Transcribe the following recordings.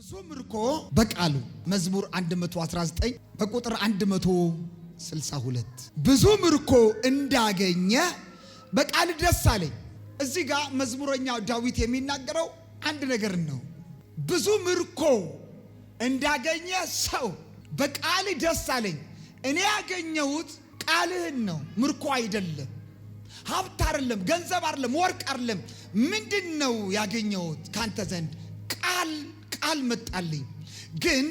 ብዙ ምርኮ በቃሉ መዝሙር 119 በቁጥር 162 ብዙ ምርኮ እንዳገኘ በቃል ደስ አለኝ። እዚህ ጋር መዝሙረኛው ዳዊት የሚናገረው አንድ ነገር ነው። ብዙ ምርኮ እንዳገኘ ሰው በቃል ደስ አለኝ። እኔ ያገኘሁት ቃልህን ነው፣ ምርኮ አይደለም፣ ሀብት አይደለም፣ ገንዘብ አይደለም፣ ወርቅ አይደለም። ምንድን ነው ያገኘሁት ካንተ ዘንድ ቃል ቃል መጣልኝ። ግን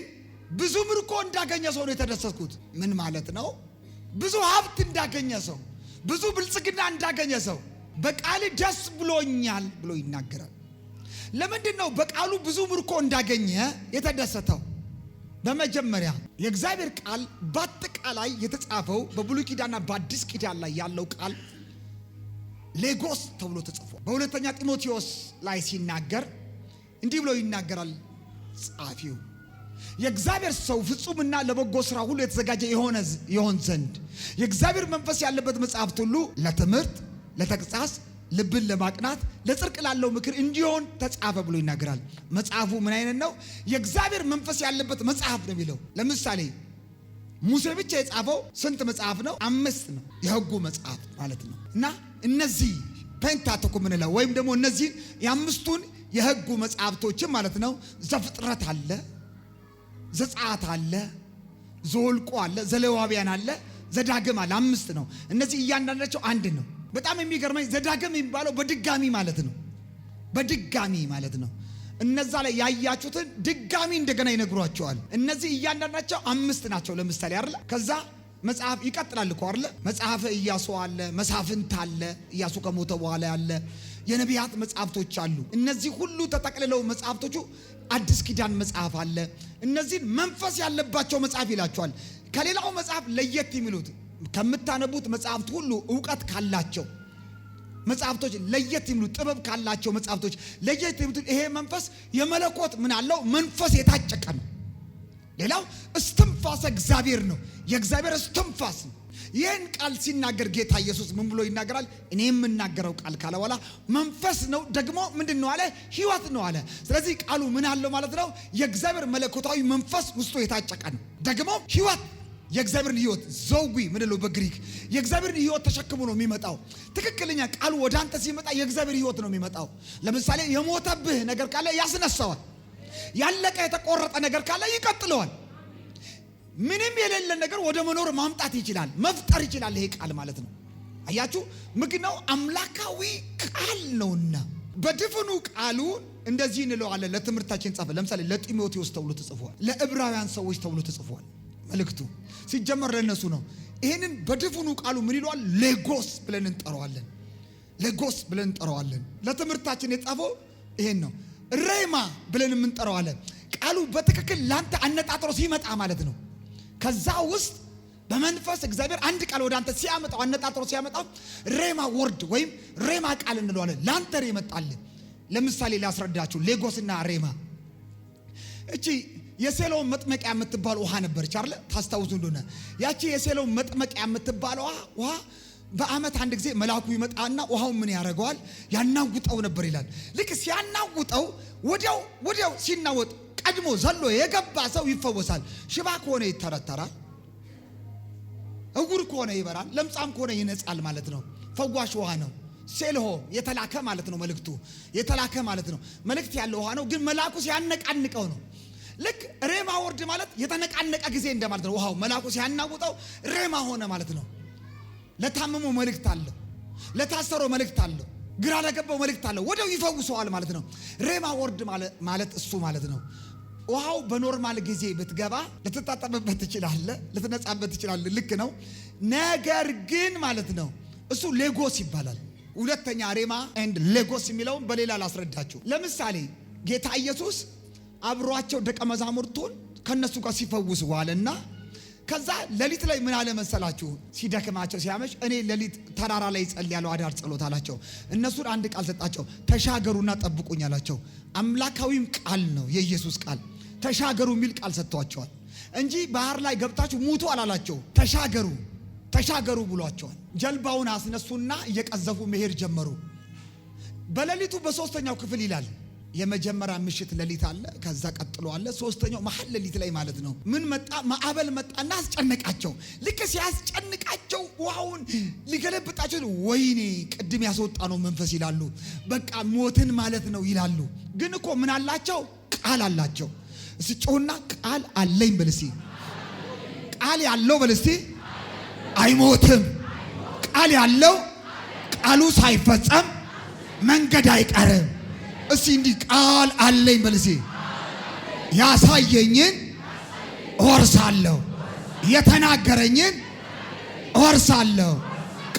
ብዙ ምርኮ እንዳገኘ ሰው ነው የተደሰትኩት። ምን ማለት ነው? ብዙ ሀብት እንዳገኘ ሰው፣ ብዙ ብልጽግና እንዳገኘ ሰው በቃል ደስ ብሎኛል ብሎ ይናገራል። ለምንድን ነው በቃሉ ብዙ ምርኮ እንዳገኘ የተደሰተው? በመጀመሪያ የእግዚአብሔር ቃል በአጠቃላይ የተጻፈው በብሉይ ኪዳንና በአዲስ ኪዳን ላይ ያለው ቃል ሌጎስ ተብሎ ተጽፏል። በሁለተኛ ጢሞቴዎስ ላይ ሲናገር እንዲህ ብሎ ይናገራል። ጻፊው የእግዚአብሔር ሰው ፍጹምና ለበጎ ስራ ሁሉ የተዘጋጀ ይሆን ዘንድ የእግዚአብሔር መንፈስ ያለበት መጽሐፍት ሁሉ ለትምህርት፣ ለተግሳጽ፣ ልብን ለማቅናት፣ ለጽድቅ ላለው ምክር እንዲሆን ተጻፈ ብሎ ይናገራል። መጽሐፉ ምን አይነት ነው? የእግዚአብሔር መንፈስ ያለበት መጽሐፍ ነው የሚለው። ለምሳሌ ሙሴ ብቻ የጻፈው ስንት መጽሐፍ ነው? አምስት ነው። የህጉ መጽሐፍ ማለት ነው እና እነዚህ ፔንታተኩ ምንለው ወይም ደግሞ እነዚህን የአምስቱን የህጉ መጽሐፍቶችም ማለት ነው። ዘፍጥረት አለ፣ ዘጸአት አለ፣ ዘኍልቍ አለ፣ ዘሌዋውያን አለ፣ ዘዳግም አለ። አምስት ነው። እነዚህ እያንዳንዳቸው አንድ ነው። በጣም የሚገርመኝ ዘዳግም የሚባለው በድጋሚ ማለት ነው። በድጋሚ ማለት ነው። እነዛ ላይ ያያችሁትን ድጋሚ እንደገና ይነግሯቸዋል። እነዚህ እያንዳንዳቸው አምስት ናቸው። ለምሳሌ አይደለ? ከዛ መጽሐፍ ይቀጥላል እኮ አይደለ? መጽሐፈ ኢያሱ አለ፣ መሳፍንት አለ፣ ኢያሱ ከሞተ በኋላ ያለ የነቢያት መጽሐፍቶች አሉ። እነዚህ ሁሉ ተጠቅልለው መጽሐፍቶቹ አዲስ ኪዳን መጽሐፍ አለ። እነዚህን መንፈስ ያለባቸው መጽሐፍ ይላቸዋል። ከሌላው መጽሐፍ ለየት የሚሉት ከምታነቡት መጽሐፍት ሁሉ እውቀት ካላቸው መጽሐፍቶች ለየት የሚሉ ጥበብ ካላቸው መጽሐፍቶች ለየት የሚሉ ይሄ መንፈስ የመለኮት ምን አለው? መንፈስ የታጨቀ ነው። ሌላው እስትንፋሰ እግዚአብሔር ነው። የእግዚአብሔር እስትንፋስ ነው። ይህን ቃል ሲናገር ጌታ ኢየሱስ ምን ብሎ ይናገራል? እኔ የምናገረው ቃል ካለ በኋላ መንፈስ ነው ደግሞ ምንድን ነው አለ? ህይወት ነው አለ። ስለዚህ ቃሉ ምን አለው ማለት ነው? የእግዚአብሔር መለኮታዊ መንፈስ ውስጡ የታጨቀ ነው፣ ደግሞ ህይወት የእግዚአብሔርን ህይወት ዘዊ ምንለው በግሪክ የእግዚአብሔርን ህይወት ተሸክሞ ነው የሚመጣው። ትክክለኛ ቃሉ ወደ አንተ ሲመጣ የእግዚአብሔር ህይወት ነው የሚመጣው። ለምሳሌ የሞተብህ ነገር ካለ ያስነሳዋል። ያለቀ የተቆረጠ ነገር ካለ ይቀጥለዋል። ምንም የሌለን ነገር ወደ መኖር ማምጣት ይችላል፣ መፍጠር ይችላል። ይሄ ቃል ማለት ነው። አያችሁ፣ ምክንያው አምላካዊ ቃል ነውና በድፍኑ ቃሉ እንደዚህ እንለዋለን። ለትምህርታችን ጻፈ። ለምሳሌ ለጢሞቴዎስ ተብሎ ተጽፏል፣ ለዕብራውያን ሰዎች ተብሎ ተጽፏል። መልእክቱ ሲጀመር ለእነሱ ነው። ይህንን በድፍኑ ቃሉ ምን ይለዋል? ሌጎስ ብለን እንጠራዋለን። ሌጎስ ብለን እንጠራዋለን። ለትምህርታችን የጻፈው ይሄን ነው። ሬማ ብለን የምንጠራዋለን። ቃሉ በትክክል ላንተ አነጣጥሮ ሲመጣ ማለት ነው። ከዛ ውስጥ በመንፈስ እግዚአብሔር አንድ ቃል ወደ አንተ ሲያመጣው አነጣጥሮ ሲያመጣው ሬማ ወርድ ወይም ሬማ ቃል እንለዋለን። ለአንተ ሬ ለምሳሌ ላስረዳችሁ፣ ሌጎስና ሬማ እቺ የሴሎም መጥመቂያ የምትባል ውሃ ነበረች አይደለ? ታስታውሱ እንደሆነ ያቺ የሴሎም መጥመቂያ የምትባል ውሃ በዓመት አንድ ጊዜ መልአኩ ይመጣና ውሃው ምን ያደርገዋል? ያናውጠው ነበር ይላል። ልክ ሲያናውጠው ወዲያው ወዲያው ሲናወጥ ቀድሞ ዘሎ የገባ ሰው ይፈወሳል። ሽባ ከሆነ ይተረተራል፣ እውር ከሆነ ይበራል፣ ለምጻም ከሆነ ይነጻል ማለት ነው። ፈዋሽ ውሃ ነው። ሴልሆ የተላከ ማለት ነው። መልእክቱ የተላከ ማለት ነው። መልእክት ያለው ውሃ ነው። ግን መልአኩ ሲያነቃንቀው ነው። ልክ ሬማ ወርድ ማለት የተነቃነቀ ጊዜ እንደማለት ነው። ውሃው መልአኩ ሲያናውጠው ሬማ ሆነ ማለት ነው። ለታመመው መልእክት አለው። ለታሰረው መልእክት አለው። ግራ ለገባው መልእክት አለው። ወደው ይፈውሰዋል ማለት ነው። ሬማ ወርድ ማለት እሱ ማለት ነው። ውሃው በኖርማል ጊዜ ብትገባ ልትታጠብበት ትችላለህ፣ ልትነጻበት ትችላለህ። ልክ ነው። ነገር ግን ማለት ነው እሱ ሌጎስ ይባላል። ሁለተኛ ሬማ ኤንድ ሌጎስ የሚለውን በሌላ ላስረዳችሁ። ለምሳሌ ጌታ ኢየሱስ አብሯቸው ደቀ መዛሙርቱን ከነሱ ጋር ሲፈውስ ዋለና ከዛ ሌሊት ላይ ምን አለ መሰላችሁ? ሲደክማቸው ሲያመሽ፣ እኔ ሌሊት ተራራ ላይ ያለው አዳር ጸሎት አላቸው። እነሱን አንድ ቃል ሰጣቸው፣ ተሻገሩና ጠብቁኝ አላቸው። አምላካዊም ቃል ነው የኢየሱስ ቃል ተሻገሩ የሚል ቃል ሰጥቷቸዋል እንጂ ባህር ላይ ገብታችሁ ሙቱ አላላቸው። ተሻገሩ ተሻገሩ ብሏቸዋል። ጀልባውን አስነሱና እየቀዘፉ መሄድ ጀመሩ። በሌሊቱ በሶስተኛው ክፍል ይላል የመጀመሪያ ምሽት ሌሊት አለ፣ ከዛ ቀጥሎ አለ። ሶስተኛው መሀል ሌሊት ላይ ማለት ነው። ምን መጣ? ማዕበል መጣና አስጨነቃቸው። ልክ ሲያስጨንቃቸው ውሃውን ሊገለብጣቸው፣ ወይኔ ቅድም ያስወጣ ነው መንፈስ ይላሉ። በቃ ሞትን ማለት ነው ይላሉ። ግን እኮ ምን አላቸው? ቃል አላቸው። እስ ጮና ቃል አለኝ በል እስቲ። ቃል ያለው በል እስቲ አይሞትም። ቃል ያለው ቃሉ ሳይፈጸም መንገድ አይቀርም። እስቲ እንዲህ ቃል አለኝ በል እስቲ። ያሳየኝን እወርሳለሁ፣ የተናገረኝን እወርሳለሁ።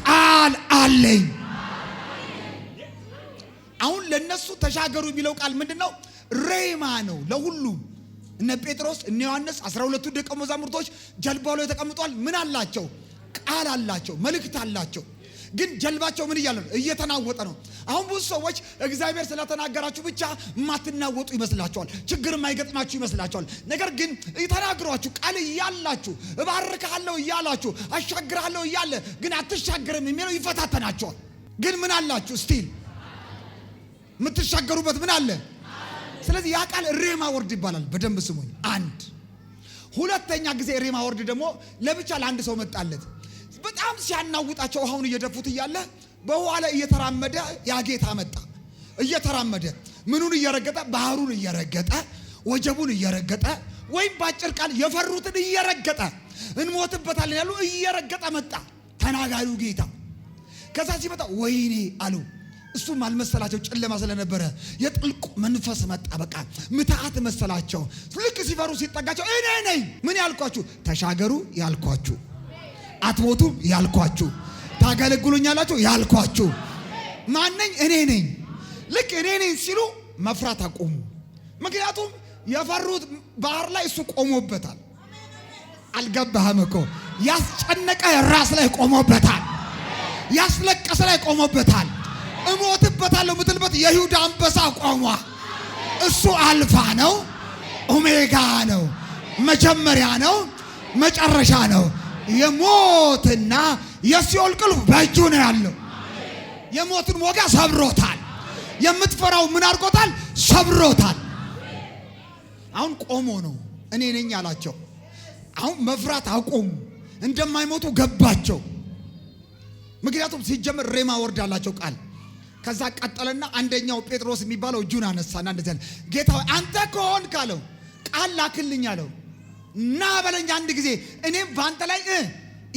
ቃል አለኝ። አሁን ለነሱ ተሻገሩ የሚለው ቃል ምንድን ነው? ሬማ ነው ለሁሉም እነ ጴጥሮስ እነ ዮሐንስ አስራ ሁለቱ ደቀ መዛሙርቶች ጀልባው ላይ ተቀምጧል። ምን አላቸው? ቃል አላቸው፣ መልእክት አላቸው። ግን ጀልባቸው ምን እያለ ነው? እየተናወጠ ነው። አሁን ብዙ ሰዎች እግዚአብሔር ስለተናገራችሁ ብቻ የማትናወጡ ይመስላችኋል። ችግር የማይገጥማችሁ ይመስላችኋል። ነገር ግን ተናግሯችሁ ቃል እያላችሁ እባርካለሁ እያላችሁ አሻግራለሁ እያለ ግን አትሻገርም የሚለው ይፈታተናቸዋል። ግን ምን አላችሁ? ስቲል የምትሻገሩበት ምን አለ? ስለዚህ ያ ቃል ሬማ ወርድ ይባላል። በደንብ ስሙኝ። አንድ ሁለተኛ ጊዜ ሬማ ወርድ ደግሞ ለብቻ ለአንድ ሰው መጣለት። በጣም ሲያናውጣቸው ውሃውን እየደፉት እያለ በውሃ ላይ እየተራመደ ያ ጌታ መጣ። እየተራመደ ምኑን እየረገጠ ባህሩን እየረገጠ ወጀቡን እየረገጠ ወይም በአጭር ቃል የፈሩትን እየረገጠ እንሞትበታለን ያሉ እየረገጠ መጣ ተናጋሪው ጌታ። ከዛ ሲመጣ ወይኔ አሉ እሱም አልመሰላቸው፣ ጨለማ ስለነበረ የጥልቁ መንፈስ መጣ። በቃ ምትሃት መሰላቸው። ልክ ሲፈሩ ሲጠጋቸው እኔ ነኝ ምን ያልኳችሁ፣ ተሻገሩ ያልኳችሁ፣ አትሞቱም ያልኳችሁ፣ ታገለግሉኛላችሁ ያልኳችሁ፣ ማነኝ እኔ ነኝ። ልክ እኔ ነኝ ሲሉ መፍራት አቆሙ። ምክንያቱም የፈሩት ባህር ላይ እሱ ቆሞበታል። አልገባህም እኮ ያስጨነቀ ራስ ላይ ቆሞበታል። ያስለቀሰ ላይ ቆሞበታል። እሞትበታለሁ ምትልበት የይሁዳ አንበሳ ቆሟ። እሱ አልፋ ነው፣ ኦሜጋ ነው፣ መጀመሪያ ነው፣ መጨረሻ ነው። የሞትና የሲኦል ቅልፍ በእጁ ነው ያለው። የሞትን ወጋ ሰብሮታል። የምትፈራው ምን አድርጎታል? ሰብሮታል። አሁን ቆሞ ነው። እኔ ነኝ አላቸው። አሁን መፍራት አቆሙ። እንደማይሞቱ ገባቸው። ምክንያቱም ሲጀመር ሬማ ወርዳላቸው ቃል ከዛ ቀጠለና አንደኛው ጴጥሮስ የሚባለው እጁን አነሳና እንደዚህ አለ፣ ጌታ አንተ ከሆን ካለው ቃል ላክልኝ አለው እና በለኝ አንድ ጊዜ እኔም በአንተ ላይ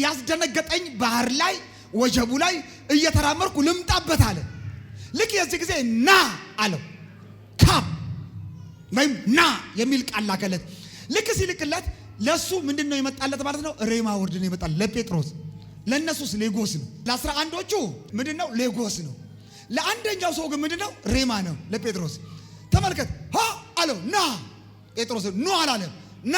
ያስደነገጠኝ ባህር ላይ ወጀቡ ላይ እየተራመርኩ ልምጣበት አለ። ልክ የዚህ ጊዜ ና አለው ካም ወይም ና የሚል ቃል ላከለት። ልክ ሲልክለት ለእሱ ምንድን ነው የመጣለት ማለት ነው? ሬማ ወርድ ነው የመጣለት ለጴጥሮስ። ለእነሱስ ሌጎስ ነው። ለአስራ አንዶቹ ምንድን ነው? ሌጎስ ነው። ለአንደኛው ሰው ግን ምንድነው? ሬማ ነው። ለጴጥሮስ ተመልከት፣ ሆ አለው ና። ጴጥሮስ ኖ አላለም፣ ና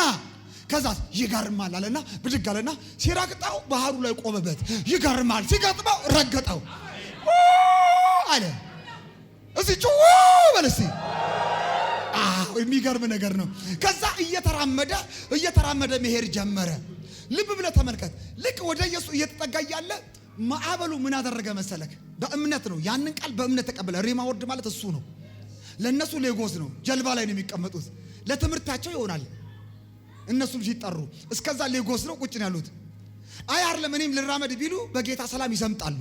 ከዛ ይገርማል አለና ብድግ አለና ሲረግጠው ባህሩ ላይ ቆመበት። ይገርማል ሲገጥመው ረገጠው አለ። እዚ ጩ በለሲ የሚገርም ነገር ነው። ከዛ እየተራመደ እየተራመደ መሄድ ጀመረ። ልብ ብለህ ተመልከት። ልክ ወደ ኢየሱስ እየተጠጋ ያለ ማዕበሉ ምን አደረገ መሰለክ? በእምነት ነው። ያንን ቃል በእምነት ተቀበለ። ወርድ ማለት እሱ ነው። ለእነሱ ሌጎስ ነው። ጀልባ ላይ ነው የሚቀመጡት። ለትምህርታቸው ይሆናል። እነሱም ሲጠሩ እስከዛ ሌጎስ ነው ቁጭ ነው ያሉት። አይ አይደለም እኔም ልራመድ ቢሉ በጌታ ሰላም ይሰምጣሉ።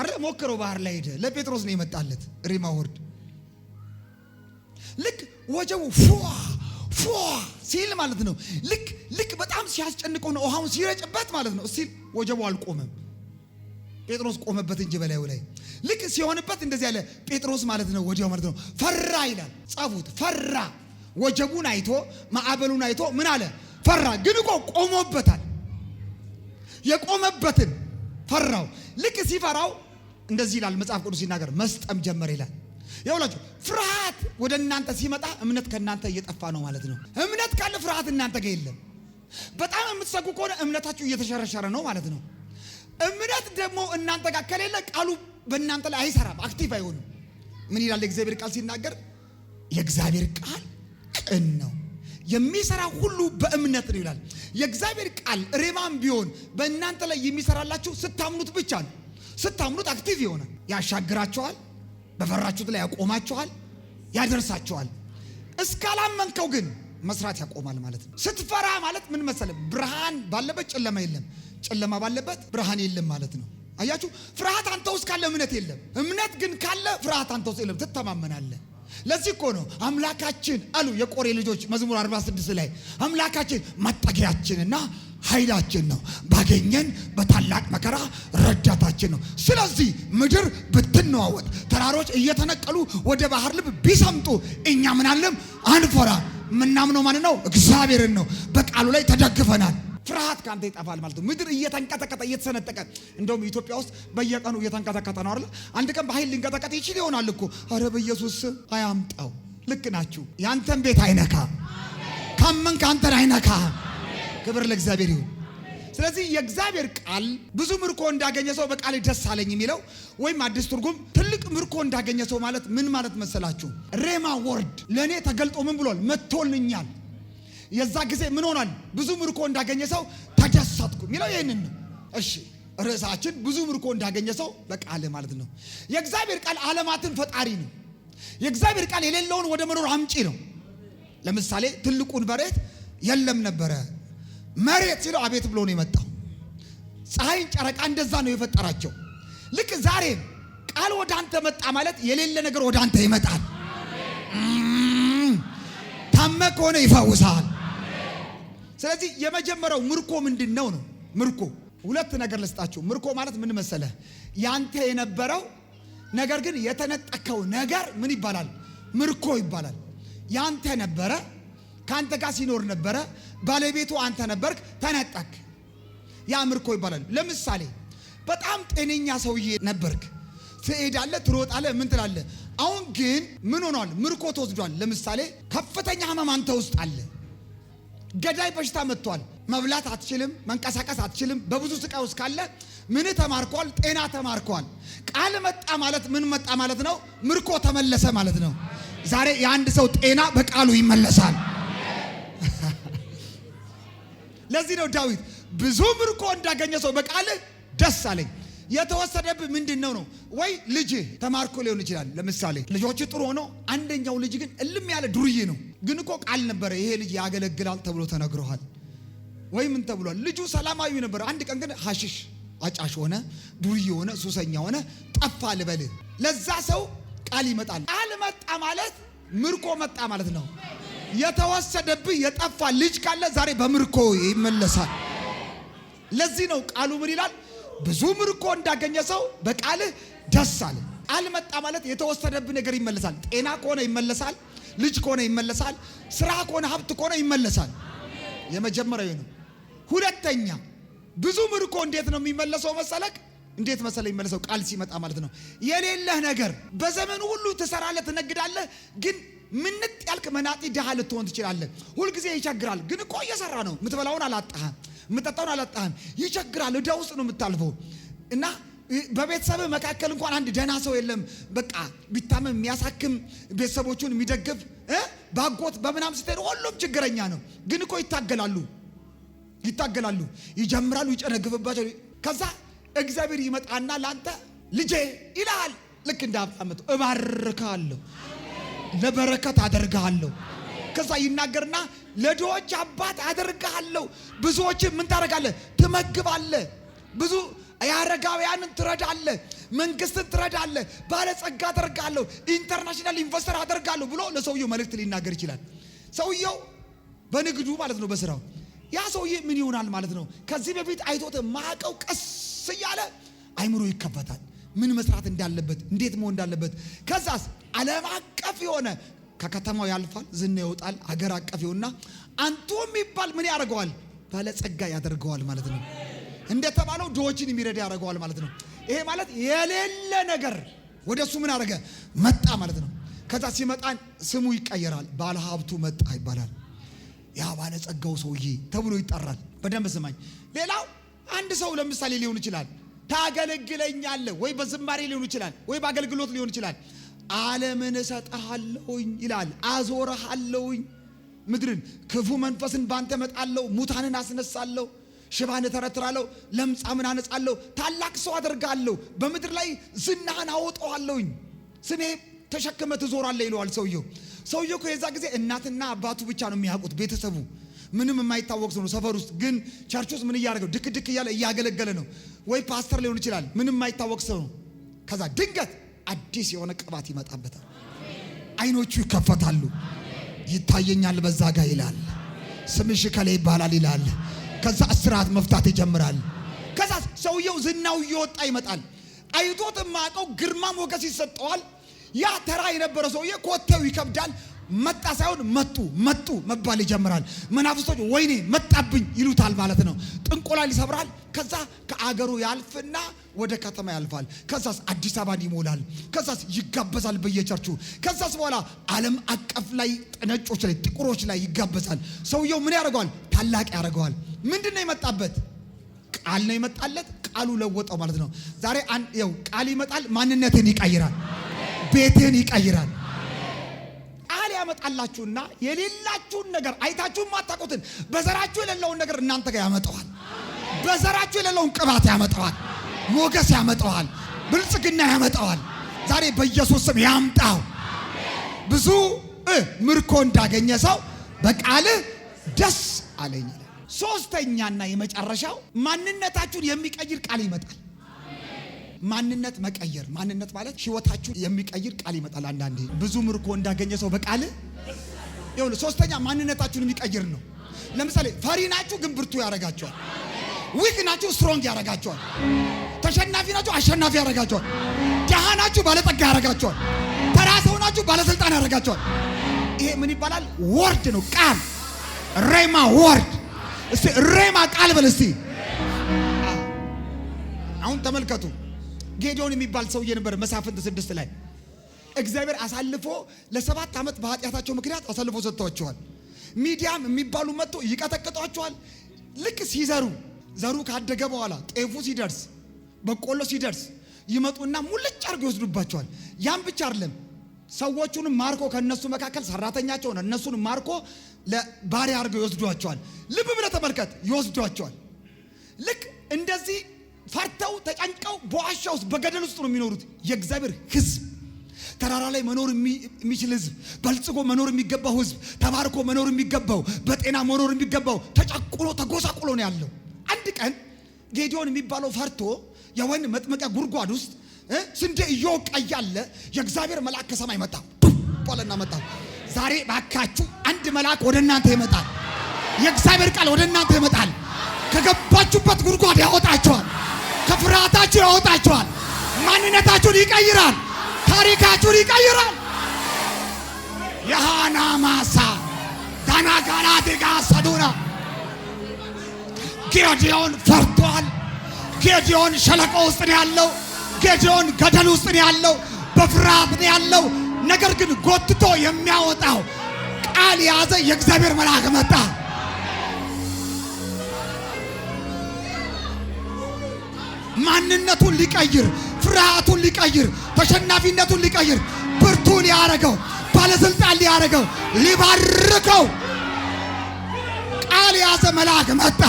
አረ ሞክረው ባህር ላይ ሄደ። ለጴጥሮስ ነው የመጣለት ሪማወርድ። ልክ ወጀቡ ፏ ፏ ሲል ማለት ነው። ልክ ልክ በጣም ሲያስጨንቀው ነው ውሃውን ሲረጭበት ማለት ነው። ሲል ወጀቡ አልቆመም። ጴጥሮስ ቆመበት እንጂ በላዩ ላይ ልክ ሲሆንበት እንደዚህ ያለ ጴጥሮስ ማለት ነው። ወዲያው ማለት ነው ፈራ ይላል። ጻፉት። ፈራ ወጀቡን አይቶ ማዕበሉን አይቶ ምን አለ? ፈራ። ግን እኮ ቆሞበታል። የቆመበትን ፈራው። ልክ ሲፈራው እንደዚህ ይላል መጽሐፍ ቅዱስ ሲናገር መስጠም ጀመር ይላል። ያውላችሁ ፍርሃት ወደ እናንተ ሲመጣ እምነት ከእናንተ እየጠፋ ነው ማለት ነው። እምነት ካለ ፍርሃት እናንተ ጋር የለም። በጣም የምትሰጉ ከሆነ እምነታችሁ እየተሸረሸረ ነው ማለት ነው። እምነት ደግሞ እናንተ ጋር ከሌለ ቃሉ በእናንተ ላይ አይሰራም፣ አክቲቭ አይሆንም። ምን ይላል የእግዚአብሔር ቃል ሲናገር? የእግዚአብሔር ቃል ቅን ነው፣ የሚሰራ ሁሉ በእምነት ነው ይላል። የእግዚአብሔር ቃል ሬማም ቢሆን በእናንተ ላይ የሚሰራላችሁ ስታምኑት ብቻ ነው። ስታምኑት አክቲቭ ይሆናል፣ ያሻግራችኋል፣ በፈራችሁት ላይ ያቆማችኋል፣ ያደርሳችኋል። እስካላመንከው ግን መስራት ያቆማል ማለት ነው። ስትፈራ ማለት ምን መሰለ፣ ብርሃን ባለበት ጨለማ የለም። ጨለማ ባለበት ብርሃን የለም ማለት ነው። አያችሁ፣ ፍርሃት አንተ ውስጥ ካለ እምነት የለም። እምነት ግን ካለ ፍርሃት አንተ ውስጥ የለም። ትተማመናለህ። ለዚህ እኮ ነው አምላካችን አሉ የቆሬ ልጆች መዝሙር 46 ላይ አምላካችን መጠጊያችንና ኃይላችን ነው፣ ባገኘን በታላቅ መከራ ረዳታችን ነው። ስለዚህ ምድር ብትነዋወጥ፣ ተራሮች እየተነቀሉ ወደ ባህር ልብ ቢሰምጡ እኛ ምናለም አንፈራ። ምናምነው ማን ነው? እግዚአብሔርን ነው። በቃሉ ላይ ተደግፈናል። ፍርሃት ከአንተ ይጠፋል ማለት ነው። ምድር እየተንቀጠቀጠ እየተሰነጠቀ፣ እንደውም ኢትዮጵያ ውስጥ በየቀኑ እየተንቀጠቀጠ ነው አይደል? አንድ ቀን በኃይል ሊንቀጠቀጥ ይችል ይሆናል እኮ። አረ በኢየሱስ አያምጣው። ልክ ናችሁ። ያንተን ቤት አይነካ፣ ካመን አንተን አይነካ። ክብር ለእግዚአብሔር ይሁን። ስለዚህ የእግዚአብሔር ቃል ብዙ ምርኮ እንዳገኘ ሰው በቃል ደስ አለኝ የሚለው ወይም አዲስ ትርጉም ትልቅ ምርኮ እንዳገኘ ሰው ማለት ምን ማለት መሰላችሁ? ሬማ ወርድ ለእኔ ተገልጦ ምን ብሏል? መጥቶልኛል የዛ ጊዜ ምን ሆኗል? ብዙ ምርኮ እንዳገኘ ሰው ተደሰትኩ የሚለው ይህንን ነው። እሺ ርዕሳችን ብዙ ምርኮ እንዳገኘ ሰው በቃለ ማለት ነው። የእግዚአብሔር ቃል ዓለማትን ፈጣሪ ነው። የእግዚአብሔር ቃል የሌለውን ወደ መኖር አምጪ ነው። ለምሳሌ ትልቁን በሬት የለም ነበረ መሬት ሲለው አቤት ብሎ ነው የመጣው። ፀሐይን፣ ጨረቃ እንደዛ ነው የፈጠራቸው። ልክ ዛሬ ቃል ወደ አንተ መጣ ማለት የሌለ ነገር ወደ አንተ ይመጣል። ታመ ከሆነ ይፈውሳል። ስለዚህ የመጀመሪያው ምርኮ ምንድን ነው ነው ምርኮ ሁለት ነገር ልስጣችሁ። ምርኮ ማለት ምን መሰለ ያንተ የነበረው ነገር ግን የተነጠከው ነገር ምን ይባላል? ምርኮ ይባላል። ያንተ ነበረ፣ ከአንተ ጋር ሲኖር ነበረ፣ ባለቤቱ አንተ ነበርክ፣ ተነጠክ። ያ ምርኮ ይባላል። ለምሳሌ በጣም ጤነኛ ሰውዬ ነበርክ፣ ትሄዳለ ትሮጣለ ምን ትላለ አሁን ግን ምን ሆኗል? ምርኮ ተወስዷል። ለምሳሌ ከፍተኛ ህመም አንተ ውስጥ አለ ገዳይ በሽታ መጥቷል። መብላት አትችልም፣ መንቀሳቀስ አትችልም። በብዙ ስቃይ ውስጥ ካለ ምን ተማርኳል? ጤና ተማርኳል። ቃል መጣ ማለት ምን መጣ ማለት ነው? ምርኮ ተመለሰ ማለት ነው። ዛሬ የአንድ ሰው ጤና በቃሉ ይመለሳል። ለዚህ ነው ዳዊት ብዙ ምርኮ እንዳገኘ ሰው በቃልህ ደስ አለኝ የተወሰደብህ ምንድን ነው ነው? ወይ ልጅ ተማርኮ ሊሆን ይችላል። ለምሳሌ ልጆች ጥሩ ሆኖ አንደኛው ልጅ ግን እልም ያለ ዱርዬ ነው። ግን እኮ ቃል ነበረ ይሄ ልጅ ያገለግላል ተብሎ ተነግረሃል ወይ ምን ተብሏል? ልጁ ሰላማዊ ነበረ። አንድ ቀን ግን ሀሽሽ አጫሽ ሆነ፣ ዱርዬ ሆነ፣ ሱሰኛ ሆነ፣ ጠፋ ልበል። ለዛ ሰው ቃል ይመጣል። ቃል መጣ ማለት ምርኮ መጣ ማለት ነው። የተወሰደብህ የጠፋ ልጅ ካለ ዛሬ በምርኮ ይመለሳል። ለዚህ ነው ቃሉ ምን ይላል? ብዙ ምርኮ እንዳገኘ ሰው በቃልህ ደስ አለ። አልመጣ ማለት የተወሰደብህ ነገር ይመለሳል። ጤና ከሆነ ይመለሳል። ልጅ ከሆነ ይመለሳል። ስራ ከሆነ ሀብት ከሆነ ይመለሳል። የመጀመሪያው ነው። ሁለተኛ ብዙ ምርኮ እንዴት ነው የሚመለሰው መሰለክ? እንዴት መሰለ የሚመለሰው ቃል ሲመጣ ማለት ነው። የሌለህ ነገር በዘመኑ ሁሉ ትሰራለህ፣ ትነግዳለህ ግን ምንጥ ያልክ መናጢ ድሃ ልትሆን ትችላለህ። ሁልጊዜ ይቸግራል ግን እኮ እየሰራ ነው። የምትበላውን አላጣህ የምጠጣውን አላጣህም። ይቸግራል። እዳ ውስጥ ነው የምታልፈው እና በቤተሰብ መካከል እንኳን አንድ ደህና ሰው የለም። በቃ ቢታመም የሚያሳክም ቤተሰቦቹን የሚደግፍ ባጎት በምናም ስትሄድ ሁሉም ችግረኛ ነው። ግን እኮ ይታገላሉ ይታገላሉ፣ ይጀምራሉ፣ ይጨነግፍባቸው። ከዛ እግዚአብሔር ይመጣና ለአንተ ልጄ ይልሃል። ልክ እንዳብታመጡ እባርካለሁ፣ ለበረከት አደርግሃለሁ ከዛ ይናገርና ለድሆች አባት አደርግሃለሁ። ብዙዎችን ምን ታደርጋለህ? ትመግባለህ። ብዙ የአረጋውያንን ትረዳለህ፣ መንግስትን ትረዳለህ፣ ባለጸጋ አደርጋለሁ፣ ኢንተርናሽናል ኢንቨስተር አደርጋለሁ ብሎ ለሰውየው መልእክት ሊናገር ይችላል። ሰውየው በንግዱ ማለት ነው፣ በስራው ያ ሰውዬ ምን ይሆናል ማለት ነው። ከዚህ በፊት አይቶት ማቀው ቀስ እያለ አይምሮ ይከፈታል። ምን መስራት እንዳለበት፣ እንዴት መሆን እንዳለበት ከዛስ ዓለም አቀፍ የሆነ ከከተማው ያልፋል፣ ዝና ይወጣል። ሀገር አቀፊውና አንቱ የሚባል ምን ያደርገዋል? ባለጸጋ ያደርገዋል ማለት ነው። እንደተባለው ድሆችን የሚረዳ ያደርገዋል ማለት ነው። ይሄ ማለት የሌለ ነገር ወደሱ ምን አደረገ? መጣ ማለት ነው። ከዛ ሲመጣን ስሙ ይቀየራል። ባለሀብቱ መጣ ይባላል። ያ ባለጸጋው ሰውዬ ተብሎ ይጠራል። በደንብ ስማኝ። ሌላው አንድ ሰው ለምሳሌ ሊሆን ይችላል ታገለግለኛለህ ወይ በዝማሬ ሊሆን ይችላል ወይ በአገልግሎት ሊሆን ይችላል ዓለምን እሰጥሃለሁኝ ይላል። አዞረሃለሁኝ ምድርን፣ ክፉ መንፈስን ባንተ መጣለሁ፣ ሙታንን አስነሳለሁ፣ ሽባን እተረትራለሁ፣ ለምጻምን አነጻለሁ፣ ታላቅ ሰው አደርጋለሁ፣ በምድር ላይ ዝናህን አወጣዋለሁኝ፣ ስሜ ተሸክመ ትዞራለህ ይለዋል ሰውየው። ሰውየው እኮ የዛ ጊዜ እናትና አባቱ ብቻ ነው የሚያውቁት ቤተሰቡ ምንም የማይታወቅ ሰው ነው። ሰፈር ውስጥ ግን ቸርች ውስጥ ምን እያደረገው ድክ ድክ እያለ እያገለገለ ነው። ወይ ፓስተር ሊሆን ይችላል። ምንም የማይታወቅ ሰው ነው። ከዛ ድንገት አዲስ የሆነ ቅባት ይመጣበታል። አይኖቹ ይከፈታሉ። ይታየኛል በዛ ጋ ይላል። ስምሽ ከላይ ይባላል ይላል። ከዛ እስራት መፍታት ይጀምራል። ከዛ ሰውየው ዝናው እየወጣ ይመጣል። አይቶት ማቀው ግርማ ሞገስ ይሰጠዋል። ያ ተራ የነበረ ሰውዬ ኮቴው ይከብዳል። መጣ ሳይሆን መጡ መጡ መባል ይጀምራል። መናፍስቶች ወይኔ መጣብኝ ይሉታል ማለት ነው። ጥንቆላል ይሰብራል። ከዛ ከአገሩ ያልፍና ወደ ከተማ ያልፋል። ከዛስ አዲስ አበባን ይሞላል። ከዛስ ይጋበዛል በየቸርቹ። ከዛስ በኋላ ዓለም አቀፍ ላይ ነጮች ላይ ጥቁሮች ላይ ይጋበዛል። ሰውየው ምን ያደርገዋል? ታላቅ ያደርገዋል። ምንድን ነው የመጣበት? ቃል ነው የመጣለት። ቃሉ ለወጠው ማለት ነው። ዛሬ ው ቃል ይመጣል። ማንነትን ይቀይራል። ቤትን ይቀይራል። ያመጣላችሁና የሌላችሁን ነገር አይታችሁ ማታውቁትን በዘራችሁ የሌለውን ነገር እናንተ ጋር ያመጣዋል። በዘራችሁ የሌለውን ቅባት ያመጣዋል። ሞገስ ያመጣዋል። ብልጽግና ያመጣዋል። ዛሬ በኢየሱስ ስም ያምጣው። ብዙ ምርኮ እንዳገኘ ሰው በቃልህ ደስ አለኝ። ሶስተኛና የመጨረሻው ማንነታችሁን የሚቀይር ቃል ይመጣል። ማንነት መቀየር። ማንነት ማለት ህይወታችሁን የሚቀይር ቃል ይመጣል። አንዳንዴ ብዙ ምርኮ እንዳገኘ ሰው በቃል ይሁን። ሶስተኛ ማንነታችሁን የሚቀይር ነው። ለምሳሌ ፈሪ ናችሁ፣ ግን ብርቱ ያደርጋችኋል። ዊክ ናችሁ፣ ስትሮንግ ያደርጋችኋል። ተሸናፊ ናችሁ፣ አሸናፊ ያደርጋችኋል። ደሃ ናችሁ፣ ባለጠጋ ያረጋቸዋል። ተራ ሰው ናችሁ፣ ባለስልጣን ያደርጋችኋል። ይሄ ምን ይባላል? ወርድ ነው። ቃል ሬማ ወርድ። እስቲ ሬማ ቃል በል እስቲ። አሁን ተመልከቱ። ጌዲዮን የሚባል ሰውዬ ነበር። መሳፍንት ስድስት ላይ እግዚአብሔር አሳልፎ ለሰባት ዓመት በኃጢአታቸው ምክንያት አሳልፎ ሰጥቷቸዋል። ሚዲያም የሚባሉ መጥቶ ይቀጠቅጧቸዋል። ልክ ሲዘሩ ዘሩ ካደገ በኋላ ጤፉ ሲደርስ፣ በቆሎ ሲደርስ ይመጡና ሙልጭ አርጎ ይወስዱባቸዋል። ያም ብቻ አይደለም ሰዎቹን ማርኮ ከነሱ መካከል ሰራተኛቸውን እነሱን ማርኮ ለባሪያ አድርገው ይወስዷቸዋል። ልብ ብለህ ተመልከት፣ ይወስዷቸዋል ልክ እንደዚህ ፈርተው ተጨንቀው በዋሻ ውስጥ በገደል ውስጥ ነው የሚኖሩት። የእግዚአብሔር ሕዝብ ተራራ ላይ መኖር የሚችል ሕዝብ በልጽጎ መኖር የሚገባው ሕዝብ ተባርኮ መኖር የሚገባው በጤና መኖር የሚገባው ተጨቁሎ ተጎሳቁሎ ነው ያለው። አንድ ቀን ጌዲዮን የሚባለው ፈርቶ የወይን መጥመቂያ ጉድጓድ ውስጥ ስንዴ እየወቃ እያለ የእግዚአብሔር መልአክ ከሰማይ መጣ ባለና መጣ። ዛሬ ባካችሁ አንድ መልአክ ወደ እናንተ ይመጣል። የእግዚአብሔር ቃል ወደ እናንተ ይመጣል። ከገባችሁበት ጉድጓድ ያወጣችኋል። ከፍርሃታችሁ ያወጣችኋል። ማንነታችሁን ይቀይራል። ታሪካችሁን ይቀይራል። የሃና ማሳ ዳናጋና ዴጋ ሰዱና ጌዲዮን ፈርቷል። ጌዲዮን ሸለቆ ውስጥ ነው ያለው። ጌዲዮን ገደል ውስጥ ነው ያለው። በፍርሃት ነው ያለው። ነገር ግን ጎትቶ የሚያወጣው ቃል የያዘ የእግዚአብሔር መልአክ መጣ። ማንነቱን ሊቀይር፣ ፍርሃቱን ሊቀይር፣ ተሸናፊነቱን ሊቀይር፣ ብርቱ ሊያረገው፣ ባለስልጣን ሊያረገው፣ ሊባርከው ቃል የያዘ መልአክ መጣ።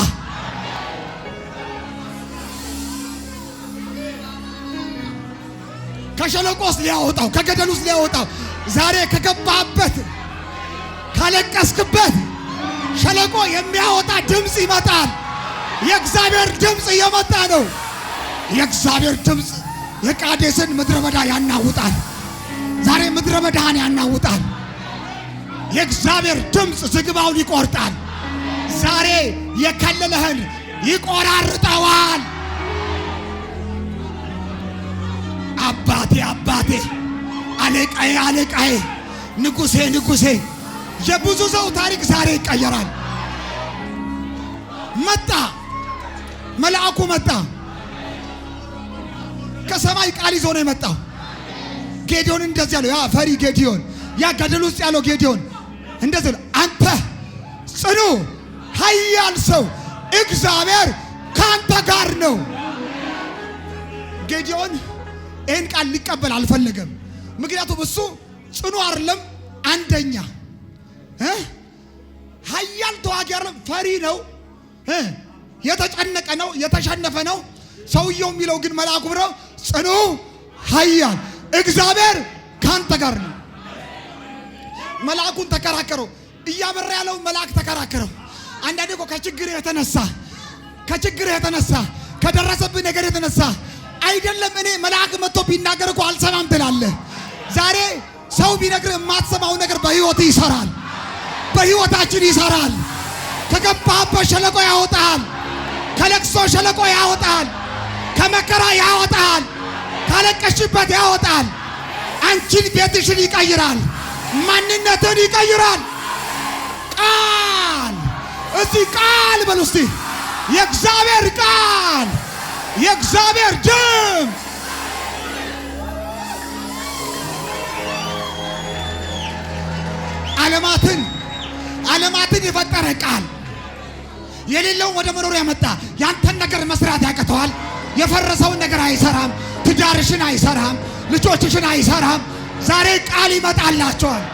ከሸለቆስ ሊያወጣው፣ ከገደሉስ ሊያወጣው ዛሬ ከገባበት ካለቀስክበት ሸለቆ የሚያወጣ ድምፅ ይመጣል። የእግዚአብሔር ድምፅ እየመጣ ነው። የእግዚአብሔር ድምፅ የቃዴስን ምድረ በዳ ያናውጣል። ዛሬ ምድረ በዳህን ያናውጣል። የእግዚአብሔር ድምፅ ዝግባውን ይቆርጣል። ዛሬ የከለለህን ይቆራርጠዋል። አባቴ አባቴ፣ አለቃዬ አለቃዬ፣ ንጉሴ ንጉሴ። የብዙ ሰው ታሪክ ዛሬ ይቀየራል። መጣ መልአኩ መጣ። ከሰማይ ቃል ይዞ ነው የመጣው። ጌዲዮን እንደዚህ ያለው ያ ፈሪ ጌዲዮን፣ ያ ገደል ውስጥ ያለው ጌዲዮን እንደዚህ ነው። አንተ ጽኑ ኃያል ሰው እግዚአብሔር ከአንተ ጋር ነው። ጌዲዮን ይህን ቃል ሊቀበል አልፈለገም። ምክንያቱም እሱ ጽኑ አይደለም፣ አንደኛ ኃያል ተዋጊ አይደለም፣ ፈሪ ነው፣ የተጨነቀ ነው፣ የተሸነፈ ነው። ሰውየው የሚለው ግን መልአኩ ነው ጽኑ ኃያል እግዚአብሔር ካንተ ጋር ነው። መልአኩን ተከራከረው። እያበራ ያለው መልአክ ተከራከረው። አንዳንዴ እኮ ከችግር የተነሳ ከችግር የተነሳ ከደረሰብህ ነገር የተነሳ አይደለም እኔ መልአክ መጥቶ ቢናገር እኮ አልሰማም ትላለህ። ዛሬ ሰው ቢነግር የማትሰማው ነገር በህይወት ይሰራል፣ በህይወታችን ይሰራል። ከገባህበት ሸለቆ ያወጣሃል፣ ከለቅሶ ሸለቆ ያወጣሃል፣ ከመከራ ያወጣሃል። ካለቀሽበት ያወጣል። አንቺን ቤትሽን ይቀይራል። ማንነትን ይቀይራል። ቃል እስቲ ቃል በሉ እስቲ የእግዚአብሔር ቃል የእግዚአብሔር ድምፅ ዓለማትን ዓለማትን የፈጠረ ቃል የሌለውን ወደ መኖር ያመጣ ያንተን ነገር መስራት ያቅተዋል። የፈረሰውን ነገር አይሰራም። ትዳርሽን አይሰራም፣ ልጆችሽን አይሰራም። ዛሬ ቃል ይመጣላቸዋል።